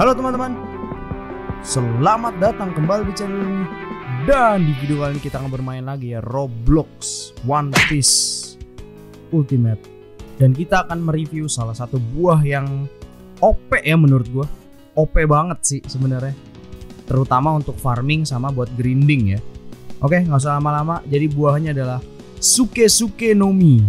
Halo teman-teman, selamat datang kembali di channel ini Dan di video kali ini kita akan bermain lagi ya Roblox One Piece Ultimate Dan kita akan mereview salah satu buah yang OP ya menurut gue OP banget sih sebenarnya Terutama untuk farming sama buat grinding ya Oke gak usah lama-lama jadi buahnya adalah Suke-Suke Nomi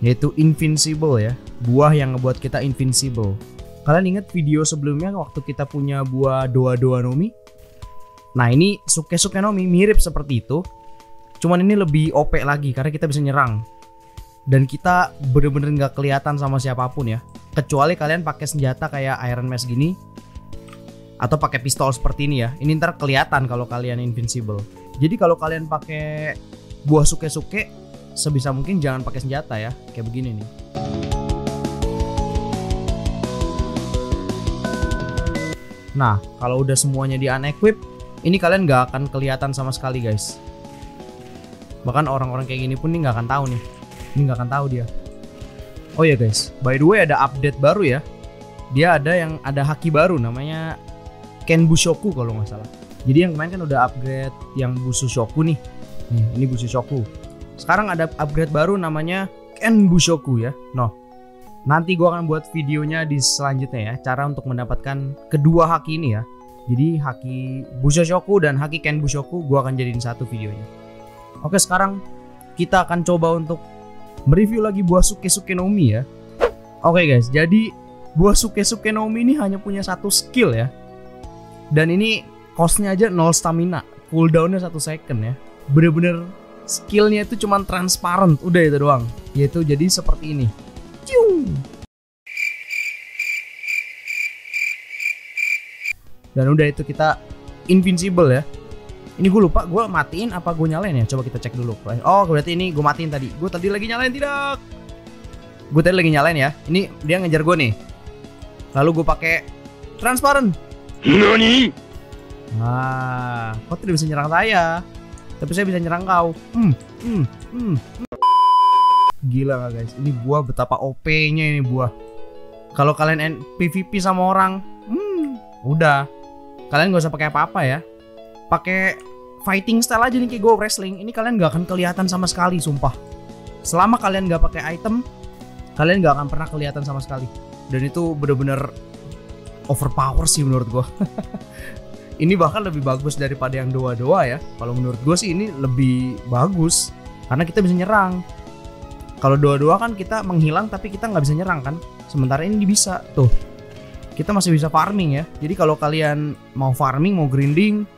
Yaitu Invincible ya Buah yang ngebuat kita Invincible Kalian ingat video sebelumnya waktu kita punya buah doa-doa Nomi? Nah ini suke-suke Nomi mirip seperti itu. Cuman ini lebih OP lagi karena kita bisa nyerang. Dan kita bener-bener nggak -bener kelihatan sama siapapun ya. Kecuali kalian pakai senjata kayak Iron Mask gini. Atau pakai pistol seperti ini ya. Ini ntar kelihatan kalau kalian invincible. Jadi kalau kalian pakai buah suke-suke sebisa mungkin jangan pakai senjata ya. Kayak begini nih. Nah, kalau udah semuanya di unequip, ini kalian nggak akan kelihatan sama sekali guys. Bahkan orang-orang kayak gini pun nih nggak akan tahu nih. Ini nggak akan tahu dia. Oh ya yeah, guys, by the way ada update baru ya. Dia ada yang ada haki baru namanya Ken Bushoku kalau nggak salah. Jadi yang kemarin kan udah upgrade yang Busu Shoku nih. Nih, ini Busu Shoku. Sekarang ada upgrade baru namanya Ken Bushoku ya. Noh, Nanti gue akan buat videonya di selanjutnya ya, cara untuk mendapatkan kedua haki ini ya. Jadi haki Bushoshoku dan haki Ken Bushoku gue akan jadiin satu videonya. Oke sekarang kita akan coba untuk mereview lagi buah suke no Mi ya. Oke guys, jadi buah suke no Mi ini hanya punya satu skill ya. Dan ini costnya aja 0 stamina, cooldownnya satu second ya. Bener-bener skillnya itu cuman transparent, udah itu doang. Yaitu jadi seperti ini. Dan udah itu kita invincible ya. Ini gue lupa gue matiin apa gue nyalain ya. Coba kita cek dulu. Oh berarti ini gue matiin tadi. Gue tadi lagi nyalain tidak? Gue tadi lagi nyalain ya. Ini dia ngejar gue nih. Lalu gue pakai transparent. Nani? Ah, kok tidak bisa nyerang saya. Tapi saya bisa nyerang kau. hmm, hmm, hmm. Gila gak guys? Ini buah betapa OP-nya ini buah. Kalau kalian PVP sama orang, hmm, udah. Kalian gak usah pakai apa-apa ya. Pakai fighting style aja nih kayak gue wrestling. Ini kalian gak akan kelihatan sama sekali, sumpah. Selama kalian gak pakai item, kalian gak akan pernah kelihatan sama sekali. Dan itu bener-bener overpower sih menurut gue. ini bahkan lebih bagus daripada yang doa-doa ya. Kalau menurut gue sih ini lebih bagus karena kita bisa nyerang. Kalau dua-dua kan kita menghilang tapi kita nggak bisa nyerang kan. Sementara ini bisa tuh. Kita masih bisa farming ya. Jadi kalau kalian mau farming, mau grinding,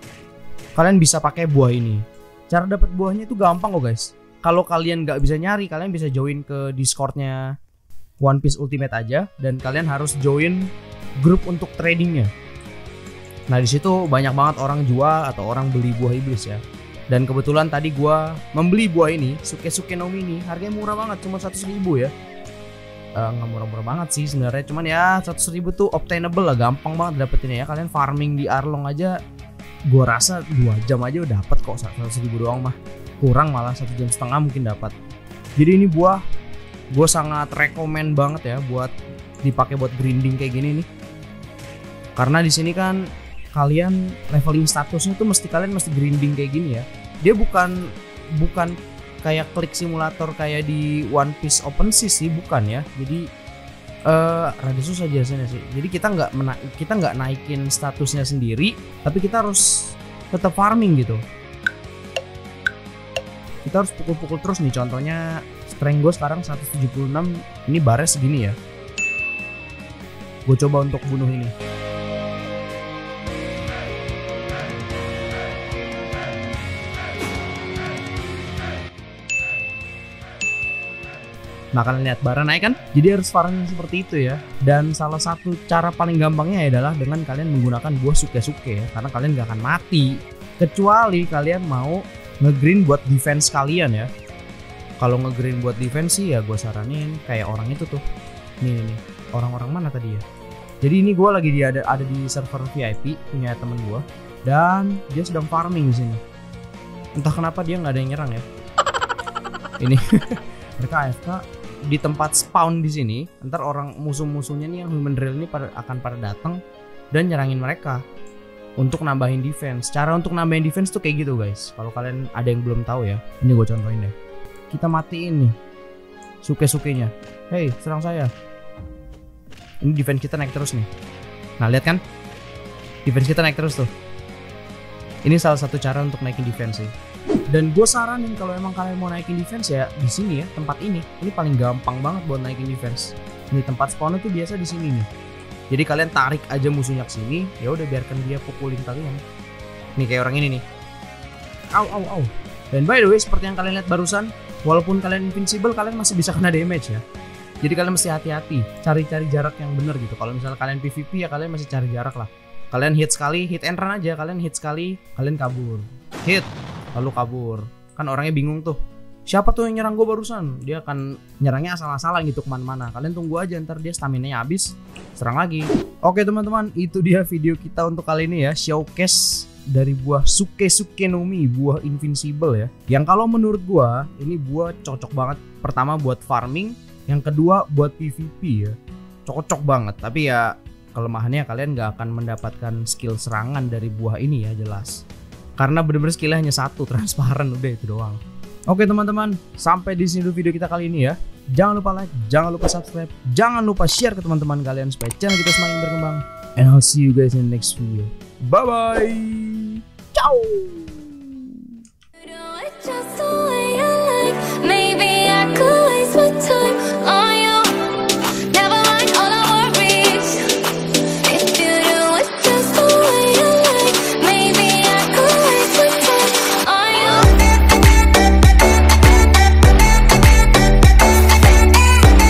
kalian bisa pakai buah ini. Cara dapat buahnya itu gampang kok guys. Kalau kalian nggak bisa nyari, kalian bisa join ke Discordnya One Piece Ultimate aja dan kalian harus join grup untuk tradingnya. Nah di situ banyak banget orang jual atau orang beli buah iblis ya. Dan kebetulan tadi gue membeli buah ini, Suke-Suke Nomi ini, harganya murah banget, cuma seratus ribu ya. Eh, nggak uh, murah-murah banget sih sebenarnya, cuman ya seratus ribu tuh obtainable lah, gampang banget dapetinnya ya. Kalian farming di Arlong aja, gue rasa dua jam aja udah dapet kok seratus ribu doang mah. Kurang malah satu jam setengah mungkin dapat. Jadi ini buah, gue sangat rekomend banget ya buat dipakai buat grinding kayak gini nih. Karena di sini kan kalian leveling statusnya tuh mesti kalian mesti grinding kayak gini ya dia bukan bukan kayak klik simulator kayak di One Piece Open Sea sih bukan ya jadi uh, rada susah sih jadi kita nggak kita nggak naikin statusnya sendiri tapi kita harus tetap farming gitu kita harus pukul-pukul terus nih contohnya strength gue sekarang 176 ini bares segini ya gue coba untuk bunuh ini makanan lihat barang naik ya kan jadi harus varian seperti itu ya dan salah satu cara paling gampangnya adalah dengan kalian menggunakan buah suke-suke ya karena kalian gak akan mati kecuali kalian mau ngegreen buat defense kalian ya kalau ngegreen buat defense sih ya gue saranin kayak orang itu tuh nih nih orang-orang mana tadi ya jadi ini gue lagi di ada, ada di server VIP punya temen gue dan dia sedang farming di sini. Entah kenapa dia nggak ada yang nyerang ya. Ini mereka AFK di tempat spawn di sini ntar orang musuh-musuhnya nih yang human drill ini pada, akan pada datang dan nyerangin mereka untuk nambahin defense. Cara untuk nambahin defense tuh kayak gitu guys. Kalau kalian ada yang belum tahu ya, ini gue contohin deh. Kita matiin nih suke-sukenya. Hey, serang saya. Ini defense kita naik terus nih. Nah, lihat kan? Defense kita naik terus tuh. Ini salah satu cara untuk naikin defense sih. Dan gue saranin kalau emang kalian mau naikin defense ya di sini ya tempat ini. Ini paling gampang banget buat naikin defense. Ini tempat spawn itu biasa di sini nih. Jadi kalian tarik aja musuhnya ke sini, ya udah biarkan dia pukulin kalian. Nih kayak orang ini nih. Au au au. Dan by the way seperti yang kalian lihat barusan, walaupun kalian invincible kalian masih bisa kena damage ya. Jadi kalian mesti hati-hati, cari-cari jarak yang benar gitu. Kalau misalnya kalian PVP ya kalian masih cari jarak lah. Kalian hit sekali, hit and run aja. Kalian hit sekali, kalian kabur. Hit, lalu kabur kan orangnya bingung tuh siapa tuh yang nyerang gue barusan dia akan nyerangnya asal-asalan gitu kemana-mana kalian tunggu aja ntar dia stamina nya habis serang lagi oke teman-teman itu dia video kita untuk kali ini ya showcase dari buah Suke suke Sukenomi, buah invincible ya. Yang kalau menurut gue ini buah cocok banget pertama buat farming, yang kedua buat PVP ya. Cocok banget, tapi ya kelemahannya kalian nggak akan mendapatkan skill serangan dari buah ini ya jelas karena bener-bener skillnya hanya satu transparan udah itu doang oke teman-teman sampai di sini dulu video kita kali ini ya jangan lupa like jangan lupa subscribe jangan lupa share ke teman-teman kalian supaya channel kita semakin berkembang and I'll see you guys in the next video bye bye ciao